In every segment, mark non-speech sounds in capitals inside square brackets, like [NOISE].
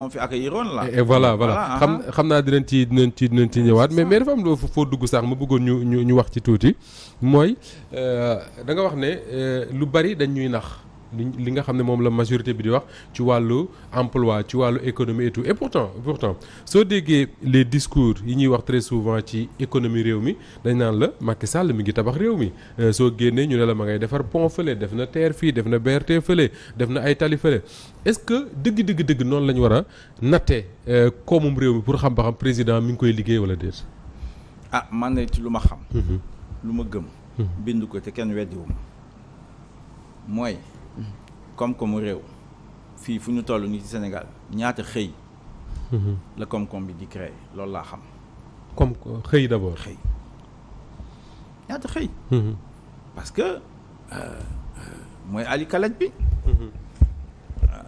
moom fi accueilliroon la et voilà voilà xam xam naa dinañ ci dinañ ci dinañ ci ñëwaat mais mais dafa am loo foo dugg sax ma bëggoon ñu ñu ñu wax ci tuuti mooy euh, da nga wax ne euh, lu bari dañ ñuy nax. li nga xam ne moom la majorité bi di wax ci wàllu emploi ci wàllu économie et tout et pourtant pourtant soo déggee les discours yi ñuy wax très souvent ci économie réew mi dañ naan la Macky sàll mi ngi tabax réew mi euh, soo génnee ñu ne la ma ngay defar pont fële def na TER fii def na BRT fële def na ay tali fële est-ce que dëgg dëgg dëgg noonu la ñu war a nattee euh, koomum réew mi pour xam ba xam président mi ngi koy liggéey wala déet. ah man na ci lu ma xam. Mhm. lu ma gëm. Mhm. bind ko te kenn weddiwu koom-koomu réew fii fu ñu toll nii ci Sénégal ñaata xëy. Mhm. la koom-koom bi di créer loolu laa xam. comme xëy d'abord xëy ñaata xëy. Mhm. parce que euh, euh, mooy Ali Kalaj bi. Mhm. Euh,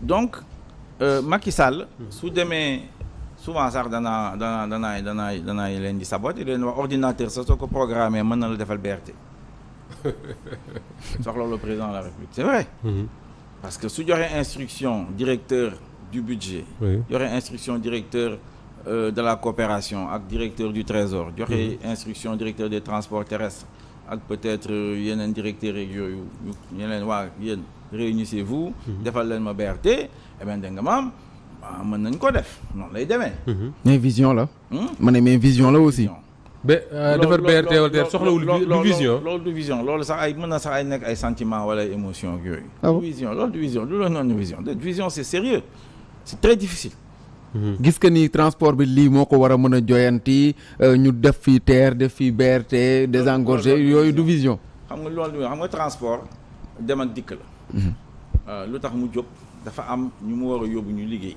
donc Macky Sall. su demee souvent sax danaa danaa danaay danaay danaay leen di saboter di leen wax ordinateur sax soo ko programmé mën na la defal BRT. [LAUGHS] soxla le président de la république c'est vrai mhm. parce que su joxee instruction directeur du budget joxee oui. instruction directeur euh, de la coopération ak directeur du trésor joxee mm -hmm. instruction directeur des transports terrestres ak peut-être euh, yeneen directeur yeeg yooyu waa yéen réunissez-vous mhm. defal leen ma BRT eh bien da nga maam mën nañ ko def noonu lay demee mhm. mais vision la hmm? ma ne mais vision la aussi ba euh, defar BRT wala TER soxlawul du loolu du vision loolu sax ay mën na sax ay nekk ay sentiment wala ay émotion ak yooyu ah du vision loolu du vision du loolu noonu vision de vision c'est sérieux c'est très difficile mhm. gis que nii transport bi lii moo ko war a mën a joyanti euh, ñu def fii TER def fii BRT désengorger yooyu du vision xam nga loolu xam nga transport dem ak dikk la mhm. euh, lu tax mu jóg dafa am ñu mu war a yóbbu ñu liggéey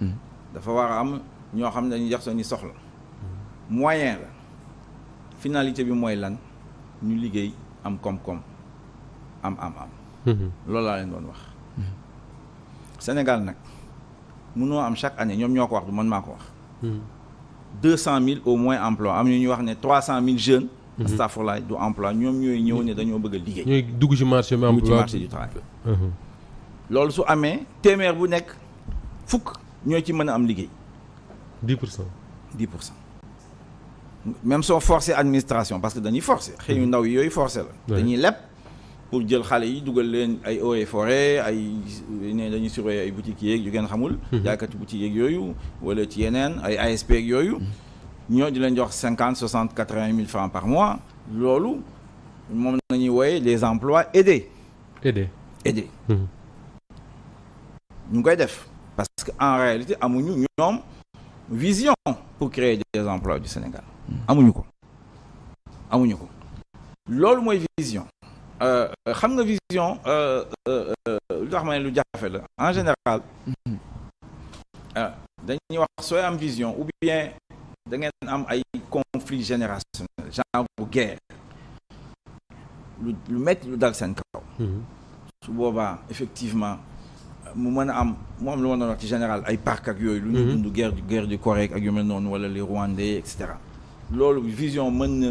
mhm. dafa war a am ñoo xam ne dañuy jox seeni soxla moyen la finalité bi mooy lan ñu liggéey am koom-koom am am am mhm. loolu laa leen doon wax mhm. Sénégal nag mënoo am chaque année ñoom ñoo ko wax du man maa ko wax mhm. deux cent mille au moins emploi am ñu ñuy wax ne trois cent mille jeune astafurlaay du emploi ñoom ñooy ñëw ne dañoo bëgg liggéey ñooy dugg ci marché bi emploi dugg ci marché du loolu su amee téeméer bu nekk fukk ñoo ci mën a am liggéey dix pour cent dix pour cent même soo force administration parce que dañuy forcé xëy yu ndaw yi yooyu forcé la dañuy leb pour jël xale yi dugal leen ay eaux et forêt ay ne dañuy surveiller ay boutiques yeeg yu ngeen xamul mhm. jaaykati boutiques yeeg yooyu wala ci yeneen ay ASP yeeg yooyu mhm. ñoo di leen jox cinquante soixante quatre-vingt mille francs par mois loolu moom nañuy wooye les emplois aidés aidés aidés mhm. ñu koy def parce que en réalité amuñu ñoom vision pour créer des emplois du Sénégal amuñu ko amuñu ko loolu mooy vision euh, xam nga vision euh, euh, lu tax ma ne lu jafe la en général dañuy wax sooy am vision ou bien da ngeen am ay conflit générationnel genre guerre lu lu metti lu dal seen kaw mm-hmm. su boobaa effectivement mu mën a am mu am lu ma wax ci général ay parc ak yooyu. lu ñuy mhm. dund guerre guerre du Corée ak yu mel wala les Rwandais et cetera. loolu vision mën na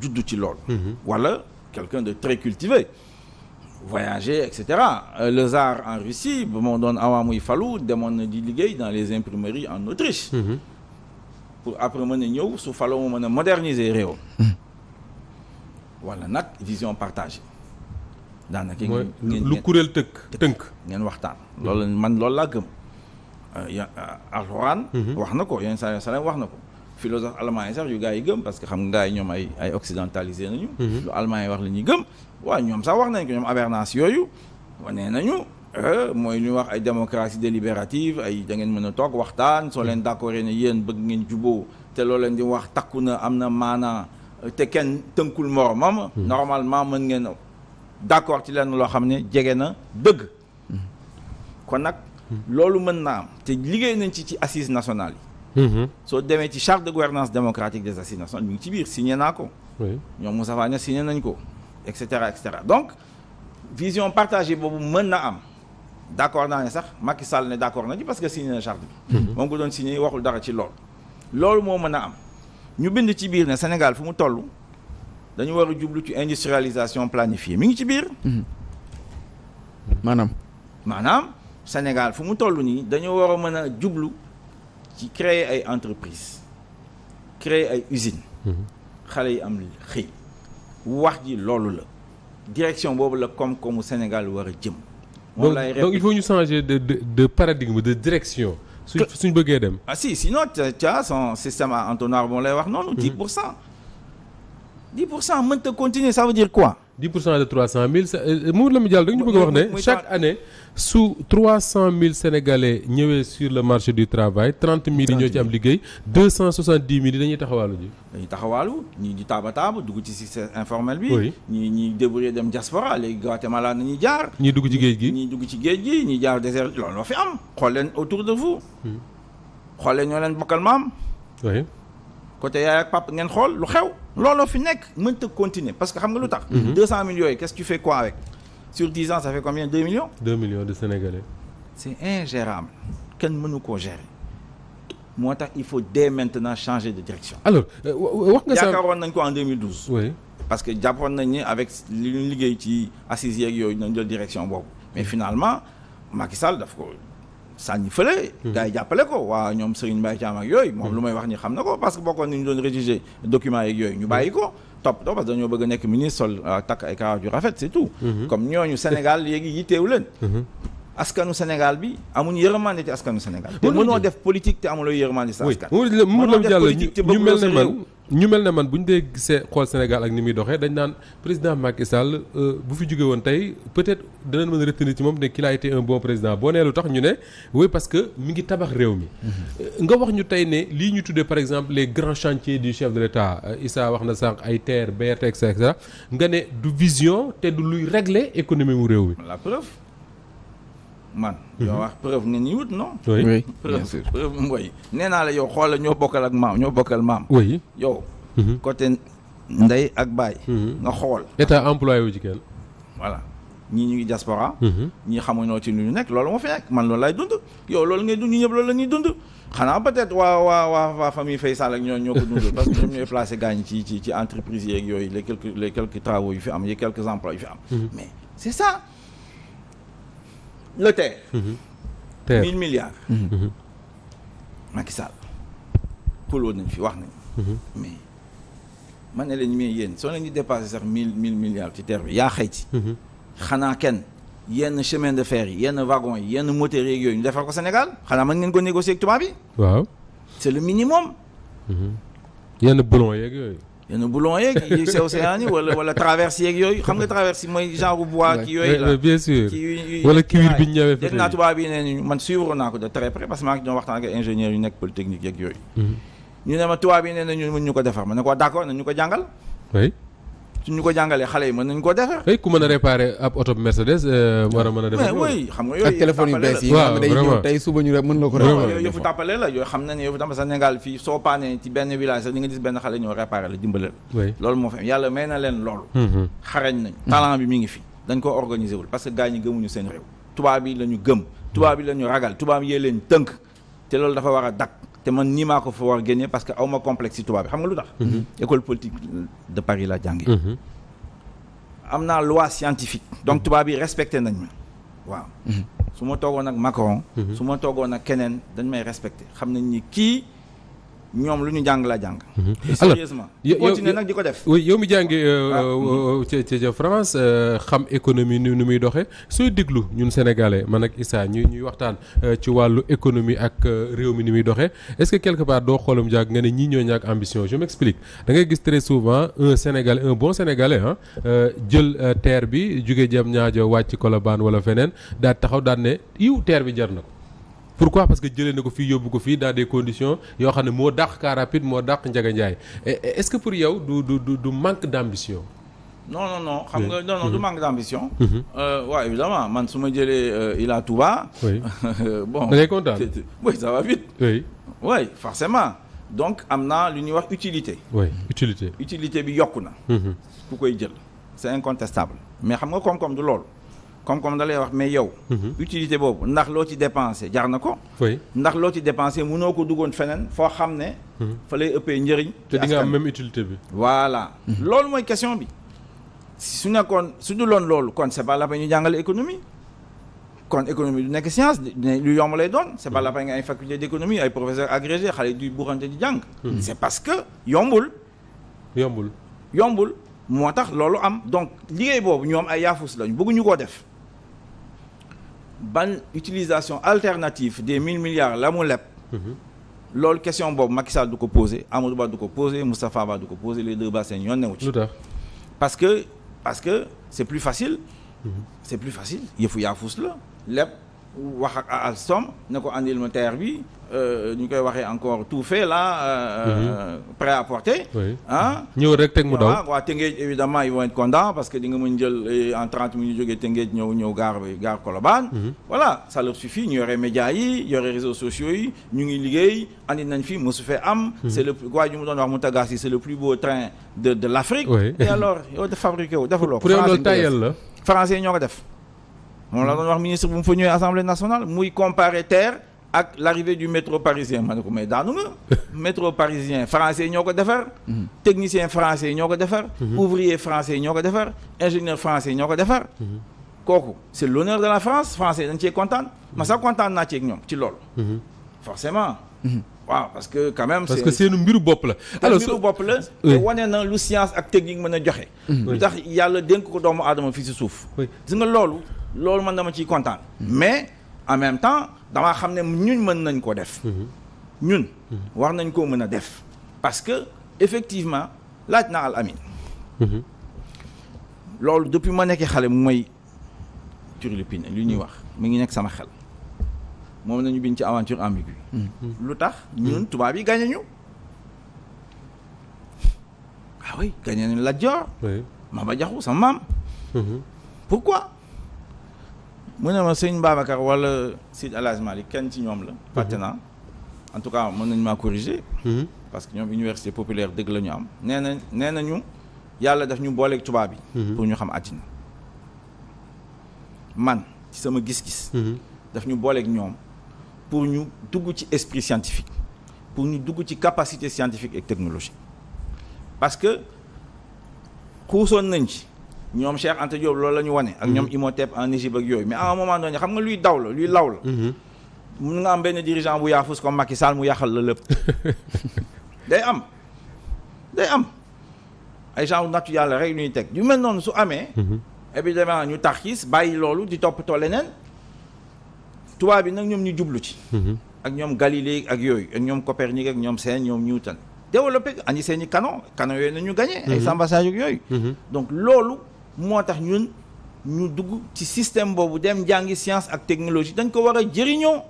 juddu ci loolu. Mhm. wala quelqu'un de très cultivé. voyager et cetera euh, le tsar en Russie ba moo doon awaa muy falu demoon na di liggéey dans les imprimeries en Autriche. Mm pour après mën a ñëw su faloo mu mën a moderniser réew. Mhm. wala nag vision partagée. daanaka ngeen lu kuréel tëkk tënk ngeen waxtaan hmm. loolu man lool laa gëm euh, ya euh, alxuraan hmm. wax na ko yenn sa salaam wax na ko philosophe allemand yi sax yu gars yi gëm parce que xam nga ñoom ay ay occidentalisé nañu hmm. lu allemand yi wax la ñuy gëm waaw ñoom sax wax nañ ko ñoom Habermas yooyu wane nañu euh, mooy lu wax ay démocratie délibérative ay da ngeen mën a toog waxtaan soo leen d'accord na yéen bëgg ngeen juboo te loo leen di wax takku na am na maanaa te kenn tënkul moromam normalement mën ngeen d'accord ci lenn loo xam ne jege na dëgg kon nag loolu mën naa am te liggéey nañ ci ci assises nationales yi mhm. soo demee ci charte de gouvernance démocratique des assises nationales ñu ngi ci biir signé naa ko ñoom Moussa Fane signé nañ ko et cetera et donc vision partagée boobu mën na am d'accord naa ne sax Macky Sall ne d'accord na ci parce que signé na charte bi mhm. moom ko doon signé waxul dara ci loolu loolu moo mën a am ñu bind ci biir ne Sénégal fu mu toll dañu war a jublu ci industrialisation planifiée mu ngi ci biir. Mhm. maanaam. maanaam Sénégal fu mu toll nii dañoo war a mën a jublu ci créer ay entreprises créer ay usines. Mhm. xale yi am xëy. wax ji loolu la direction boobu la koom-koomu Sénégal war a jëm. moom laay donc il faut ñu changer de de de paradigme de direction. suñ suñ bëggee dem. ah si sinon ca as son système à entonnoir bu lay wax noonu. 10 mhm. pour cent. 10 pour cent mënta continuer ça veut dire quoi. 10 pour cent de 300 000 Mamadou Lamine ñu bëgg a wax ne chaque année su 300 000 ñëwee sur le marché du travail 30 000 yi ñoo ci am liggéey 270 000 yi dañuy taxawaalu ji. dañuy taxawaalu ñii di taaba taaba dugg ci système informel bi. oui ñii ñii débrouillé dem diaspora léegi Guatemala nañuy jaar. ñii dugg ci géej gi ñii dugg ci géej gi ñii jaar désert loolu la fi am. xool leen autour de vous. Hmm. xool leen ñoo leen bokkal maam. côté yaay ak papa ngeen xool lu xew looloo fi nekk mënta continuer parce que xam nga lu tax mhm. deux cent mille yooyu qu'est-ce que tu fais quoi avec sur dix ans ça fait combien deux millions deux millions de Sénégalais c'est ingérable kenn mënu koo gérer moo tax il faut dès maintenant changer de direction alors euh, wax nga yaakaaroon nañ ko en 2012 oui parce que jàppoon nañ ni avec li ñu liggéey ci assises yeeg yooyu nañ jël direction boobu mais finalement Macky Sall daf ko sànni fële. Mhm. gars yi jàppale ko waa ñoom Serigne Mbaye Thiam ak yooyu. moom mhm. lu may wax ni xam na ko parce que bokkoon nañu doon rédiger documents yeeg yooyu ñu bàyyi ko. topp parce que dañoo bëgg nekk ministre sol euh, takk ay kawaar ju rafet c'est tout. Mhm. comme ñooñu Sénégal léegi yitteewu leen. askanu Sénégal bi amuñu yërmande ci askanu Sénégal. te mënoo def politique te amuloo yërmande ci askan. mënoo def politique te bëgg ñu mel ne man bu ñu dee gisee xool Sénégal ak ni muy doxee dañ naan président Macky Sall euh, bu fi jóge woon tey peut-être danañ mën a retenir ci moom ne qu'il a été bon président boo nee lu tax ñu ne oui parce que mi ngi tabax réew mi. Mm-hmm. nga wax ñu tey ne lii ñu tuddee par exemple les grands chantiers du chef de l'État euh, Issa wax na sànq ay TER BRT et cetera nga ne du vision te du luy régler économie mu réew mi. la preuve. man. Mhm. yoo wax preuve nga ñuy wut non. oui bien sûr preuve preuve mooy nee naa la yow xoola ñoo bokkal ak maam ñoo bokkal maam. oui yow. Mhm. côté ndey ak baay. Mhm. nga xool état employé wu ci kenn. voilà ñii ñu ngi diaspora. ñii xamuñoo ci lu ñu nekk loolu moo fi nekk man loolu laay dund. yow loolu ngay dund ñëpp loolu la ñuy dund. xanaa peut-être waa waa waa waa famille Faye Sall ak ñoo ñoo ko dund [LAUGHS] parce que ñoom ñooy placé gaañ ci ci ci entreprise yeeg yooyu les quelques les quelques travaux yu fi am les quelques emplois yu fi am. mais c'est ça. le TER. TER sa milliards. Mhm. Mhm. Macky Sall xulóon nañ fi wax nañ. Mhm. man ma ne leen mais yéen soo leen di dépassé sax 1000 1000 milliards ci TER bi yaa xëy ci. xanaa kenn yenn chemin de fer yi yenn wagon yi yenn moteur yeeg yooyu ñu defar ko Sénégal xanaa mën ngeen ko négocier ak tubaab bi. waaw c'est le minimum. yenn boulon yeeg yooyu. yenn boulon yeeg [LAUGHS] yi sew sewaan yi wala wala traverse yeeg yooyu xam nga traverse yi mooy genre bois ki yooyu la bien sûr wala cuir bi ñu ñëwee dégg naa tubaab yi nee nañu man suivre naa ko de très près parce que maa ngi doon waxtaan ak ingénieur yu nekk polytechnique yeeg yooyu mhm. ñu ne ma tubaab yi nee nañu mën ñu ko defar ma ne ko d'accord nañu ko jàngal oui su ñu ko jàngalee xale yi mën nañu koo defar. tey ku mën a réparer ab oto Mercedes euh, war a mën a. defar mais xam nga yooyu ak téléphone yu bees yi. waaw vraiment tey suba ñu rek ko. vraiment yooyu yëfu xam nañu ne yëfu tàppale Sénégal fii soo paanee ci benn village sax di nga gis benn xale ñoo réparer la dimbalal. loolu moo fi yàlla may na leen loolu. Mm-hmm. xarañ nañ talent bi mi ngi fi. dañ ko organiser wul parce que gars ñi gëmuñu seen réew. tubaab yi la ñu gëm. tubaab yi la ñu ragal tubaab yee leen tënk te loolu dafa war a dak te man nii maa ko fa war génne parce que aw ma complexe ci tubaab bi xam nga lu tax. Mhm. école politique de Paris laa jànge mhm. am naa loi scientifique. donc mhm. tubaab yi respecté nañ ma waaw. su ma toogoon ak Macron. su ma toogoon ak keneen dañ may respecté xam nañ ni kii. ñoom lu ñu jàng la jàng. Mhm. sérieusement continuer nag di ko def. yow mi jàngi ci euh, ah. euh, mhm. euh, ci France xam économie ni nu muy doxee sooy diglu ñun sénégalais man ak Issa ñuy ñuy waxtaan ci wàllu économie ak réew mi ni muy doxee est-ce que quelque part doo xoolum jàgg nga ne ñii ñoo ñàkk ambition je m'explique da ngay gis très souvent un sénégalais un bon sénégalais jël terre bi jóge jam ñaajo wàcc Colobane wala feneen daal taxaw daal ne yiw teer bi jar na ko. pourquoi parce que jëlee na ko fii yóbbu ko fii dans des conditions yoo xam ne moo dàq car rapide moo dàq Ndiaga Ndiaye est ce pour yow du du du du manque non non non xam nga non non du mhm. manque d' waaw mhm. euh, évidemment man su ma jëlee euh, il a Touba. oui [LAUGHS] bon da ngay kontaan. oui ça vite. oui forcément. donc am na lu ñuy wax utilité. oui utilité. bi yokk na. Mhm. ku koy jël c' incontestable. mais xam nga koom-koom du loolu. koom-koom da lay wax mais yow. Mhm. utilité boobu ndax loo ci dépensé jar na ko. ndax loo ci dépensé mënoo ko duggoon feneen foo xam ne. Mhm. fa lay ëppee njëriñ. te di nga am même utilité bi. voilà mhm. loolu mooy question bi su nekkoon su du loon loolu kon c'est pas la peine ñu jàngale économie. kon économie du nekk science lu yomb lay doon c'est pas la peine nga ay d'économie ay professeur agrégé xale duy buurante di jàng. c'est parce que yombul. yombul yombul moo tax loolu am donc liggéey boobu ñoom ay yaafus lañu bëgguñu koo def. ban utilisation alternative des mille milliards la mu leb. Mhm. loolu question boobu Macky Sall du ko posé Amadou Ba du ko posé Moustapha Ba du ko posé les deux bassins ñoon newu ci. lu tax parce que parce que c'est plus facile. Mhm. c'est plus facile yëfu yaafuus la leb. wax a Alstom ne ko andil ma terre bi euh, ñu koy waxee encore tout fait la euh, mhm. prêt à porter. ah ñëw rek teg mu daw waaw waa Tëngéej évidemment ils vont être parce que di nga mën jël euh, en trente minutes jógee Tëngéej ñëw ñëw gaar bi gaar Colobane. Mhm. voilà ça leur suffit ñu yore médias yi yore réseaux sociaux yi ñu ngi liggéey andi nañ fi mosu fee am. Mhm. c' le doon wax Moutagassi le plus beau train de de l' Afrique. et alors yow de fabriqué wu defaloo ko. def. moom la doon wax ministre bu mu fa ñëwee assemblée nationale muy comparer terre ak l'arrivée du métro parisien ma ne ko mais daanu nga [LAUGHS] métro parisien français ñoo ko defar mhm. technicien français ñoo ko defar mhm. ouvrier français ñoo ko defar ingénieur français ñoo ko defar mhm. kooku c'est l'honneur de la France français dañ cee kontaan ma sax kontaan naa ceeg ñoom ci loolu forcément waaw parce que quand même parce que seenu mbiru bopp la alors bopp la te wane na lu science ak technique mën a joxe lu tax yàlla dénk ko doomu aadama fii si suuf gis loolu loolu man dama ciy kontaan. mais en même temps damaa xam ne ñun mën nañ koo def. Mhm. ñun. Mhm. wax nañ koo mën a def. parce que effectivement laaj na al amin. Mhm. loolu depuis ma nekkee xale mu mooy turlupine lu ñuy wax mu ngi nekk sama xel moom nañu bind ci aventure ambiguë lu tax ñun tubaab yi gagné ñu ah oui gagné nañu Lat ma Maba Jaxu sama maam pourquoi mu ne ma sëñ Babacar wala sëñ El Hadj kenn ci ñoom la. Mhm. fàtte naa en tout cas mën nañu maa corriger. Mhm. parce que ñoom université populaire dëgg la ñu am. nee na nee nañu yàlla daf ñu booleeg tubaab yi. Mhm. pour ñu xam àddina. man ci sama gis-gis. daf ñu booleeg ñoom pour ñu dugg ci esprit scientifique. pour ñu dugg ci capacité scientifique et technologique. parce que xuusoon nañ ci. ñoom Cheikh Anta Diop loolu la ñu wane. ak ñoom mhm. Imhotep en Égypte ak yooyu mais à un moment donné xam nga luy daw la luy law la. Mhm. mun nga am benn dirigeant bu yaafus comme Macky Sall mu yàqal la lépp [LAUGHS] day am day am ay genre nattu yàlla rek ñuy teg yu mel noonu su amee. Mhm. évidemment ñu tarxiis bàyyi loolu di toppatoo leneen tubaab bi nag ñoom ñu jublu ci. ak ñoom Galilée ak yooyu ak ñoom Copernic ak ñoom seen ñoom Newton développé andi seen i canon canon yooyu nañu gagné. ay sambassage yooyu. moo tax ñun ñu dugg ci système boobu dem jàngi science ak technologie dañ ko war a jëriñoo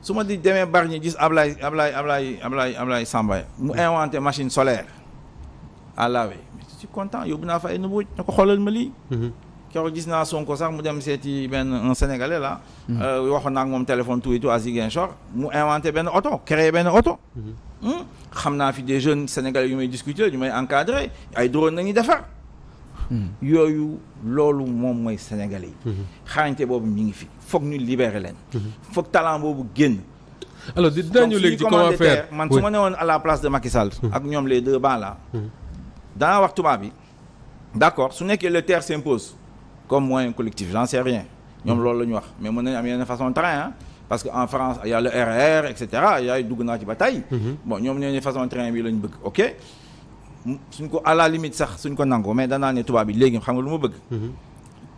su ma di demee bar ñi gis Ablaye Ablaye Ablaye Ablaye Ablaye Samba mu inventé machine solaire à laver mais je suis content yóbbu naa fa ay nëbbooj na ko xoolal ma lii mhm. keroog gis naa Sonko sax mu dem seeti benn un sénégalais là mhm. euh, waxoon naa ak moom téléphone tout et tout à Ziguinchor mu inventé benn oto créé benn oto mhm. hmm? xam naa fi des jeunes sénégalais yo may discuter yu may encadré ay drone nañu defar Mm. yooyu loolu moom mooy sénégalais yi. Mm-hmm. xarañte boobu ñu ngi fi foog ñu libérer leen. Mm-hmm. foog talent boobu génn. alors dinañu léegi ci comment faire man su ma newoon la place de Macky mm-hmm. ak ñoom les de bancs là. danaa wax tubaab bi d' accord su nekkee le terre s'impose comme moyen collectif j'en sais rien ñoom loolu la ñu wax mais mën nañu am yenn façon train ah parce en France y' a le RER et cetera yaay dugg naa ci ba tey. bon ñoom ñoo ne façon train bi lañ bëgg ok. suñ ko à la sax suñ ko nangoo mais danaa ne tubaab bi léegi xam nga lu ma bëgg. Mhm.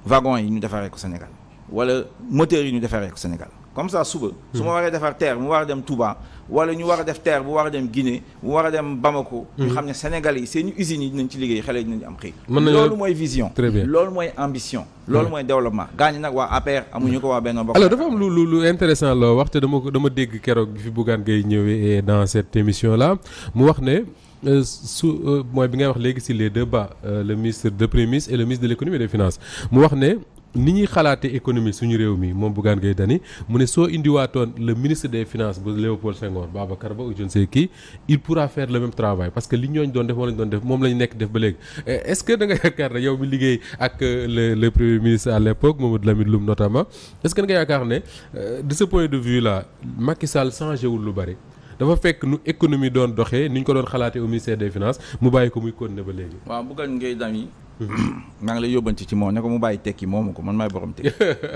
wagon yi ñu defaree ko Sénégal. wala moteur yi ñu defaree ko Sénégal comme ça suba. su ma mhm. waree defar terre mu war dem Touba wala ñu war a def terre bu war a dem Guinée bu war a dem Bamako. ñu mhm. xam ne Sénégalais yi seen usines yi dinañ ci liggéey xale yi dinañ am xëy. loolu mooy vision. très bien loolu mooy ambition. loolu mooy développement gaañ nag waa APR amuñu ko waa Benno Bokk. alors am lu lu lu intéressant loo wax te dama ko dama dégg keroog bi fi Bougane Gueye ñëwee dans cette émission là mu wax ne. Euh, su euh, mooy bi ngay wax léegi si les deux ba euh, le ministre de prémisse et le ministre de l'économie et des finances mu wax ne ni ñuy xalaatee économie suñu réew mi moom Bougane Gueye Dany mu ne soo indiwaatoon le ministre des finances bu Léopold Senghor Babacar Ba ou je ne sais qui il fair faire le même travail parce que li ñooñ doon def moom lañ doon def moom lañ nekk def ba léegi est-ce que da nga yaakaar ne yow mi liggéey ak le le premier ministre à l'époque Mamadou Lamine Loum notamment est-ce que da de ce point de vue là wul lu bari dafa fekk nu économie doon doxee ni ñu ko doon xalaatee au ministère des mu bàyyi ko muy continuer ba léegi. waaw bu ngay dam mhm. yi maa ngi lay yóbbanti ci moom ne ko mu bàyyi tekki moomu ko man maay borom tekki. [LAUGHS]